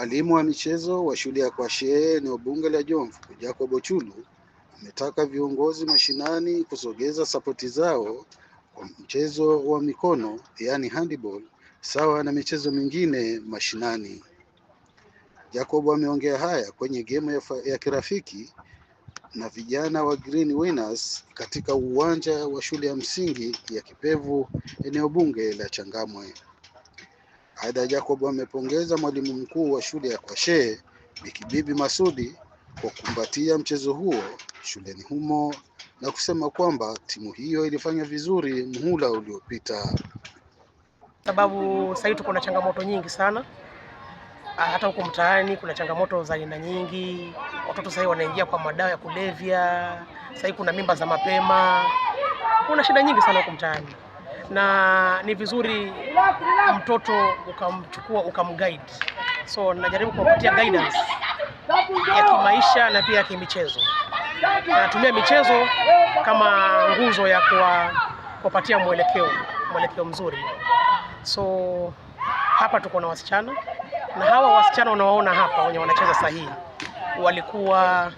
Mwalimu wa michezo wa shule ya Kwasheye eneo bunge la Jomvu Jacob Ochulu ametaka viongozi mashinani kusogeza sapoti zao kwa mchezo wa mikono yaani handball sawa na michezo mingine mashinani. Jacob ameongea haya kwenye gemu ya, ya kirafiki na vijana wa Green Winners katika uwanja wa shule ya msingi ya Kipevu eneo bunge la Changamwe. Aidha, Jacob amepongeza mwalimu mkuu wa shule ya Kwashee Bikibibi Masudi kwa kukumbatia mchezo huo shuleni humo na kusema kwamba timu hiyo ilifanya vizuri muhula uliopita, sababu sasa tuko na changamoto nyingi sana ah, hata huko mtaani kuna changamoto za aina nyingi. Watoto sasa wanaingia kwa madawa ya kulevya, sasa kuna mimba za mapema, kuna shida nyingi sana huko mtaani na ni vizuri mtoto ukamchukua ukamguide. So najaribu kuwapatia guidance ya kimaisha na pia ya kimichezo. Natumia michezo kama nguzo ya kuwapatia mwelekeo mwelekeo mzuri. So hapa tuko na wasichana na hawa wasichana unawaona hapa wenye wanacheza sahihi walikuwa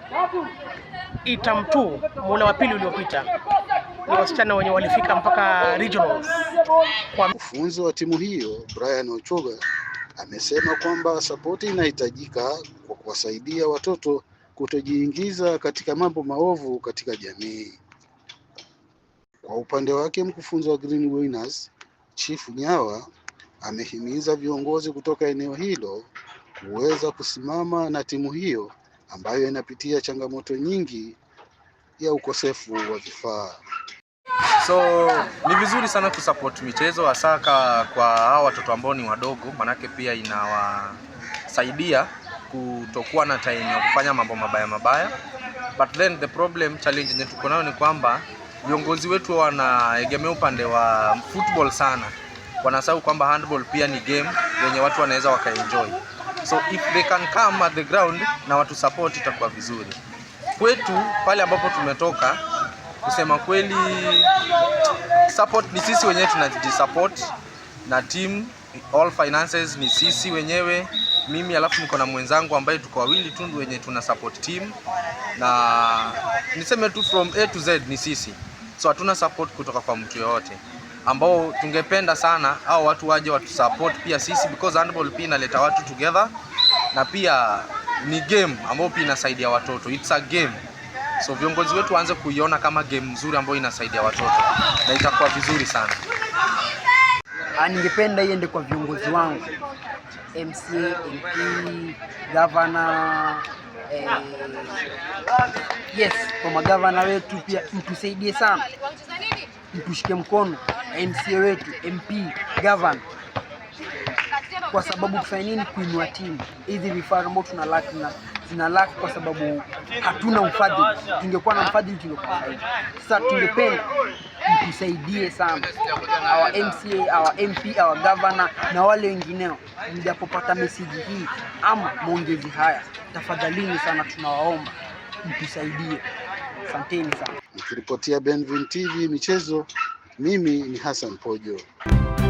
Itam tu wa pili uliopita ni wasichana wenye walifika mpaka regionals. Mkufunzi wa timu hiyo Brian Ochoga amesema kwamba sapoti inahitajika kwa kuwasaidia watoto kutojiingiza katika mambo maovu katika jamii. Kwa upande wake, mkufunzi wa Green Winners Chief Nyawa amehimiza viongozi kutoka eneo hilo kuweza kusimama na timu hiyo ambayo inapitia changamoto nyingi ya ukosefu wa vifaa. So ni vizuri sana kusupport michezo hasa kwa hawa watoto ambao ni wadogo, manake pia inawasaidia kutokuwa na time ya kufanya mambo mabaya mabaya. But then the problem challenge yetu tuko nayo ni kwamba viongozi wetu wanaegemea upande wa football sana, wanasahau kwamba handball pia ni game yenye watu wanaweza wakaenjoy. So if they can come at the ground na watu support itakuwa vizuri kwetu pale ambapo tumetoka, kusema kweli, support ni sisi wenyewe tunajisupport na team, all finances ni sisi wenyewe mimi alafu niko na mwenzangu ambaye tuko wawili tu wenye tuna support team, na niseme tu from A to Z ni sisi, so hatuna support kutoka kwa mtu yoyote, ambao tungependa sana au watu waje watusupport pia sisi, because handball pia inaleta watu together na pia ni game ambayo pia inasaidia watoto. It's a game. So viongozi wetu waanze kuiona kama game nzuri ambayo inasaidia watoto na itakuwa vizuri sana. Ah, ningependa iende kwa viongozi wangu MCA, MP, gavana eh, yes, kwa magavana wetu pia mtusaidie sana, mtushike mkono MCA wetu, MP, gavana kwa sababu kufanya nini? Kuinua timu hizi vifaa ambao tuna lack na zina lack kwa sababu hatuna mfadhili. Tungekuwa na mfadhili tungekuwa sasa. Tungependa mtusaidie sana, our MCA, our MP, our governor na wale wengineo, mjapopata meseji hii ama maongezi haya, tafadhalini sana, tunawaomba mtusaidie. Asanteni sana. Nikiripotia Benvin TV michezo, mimi ni Hassan Pojo.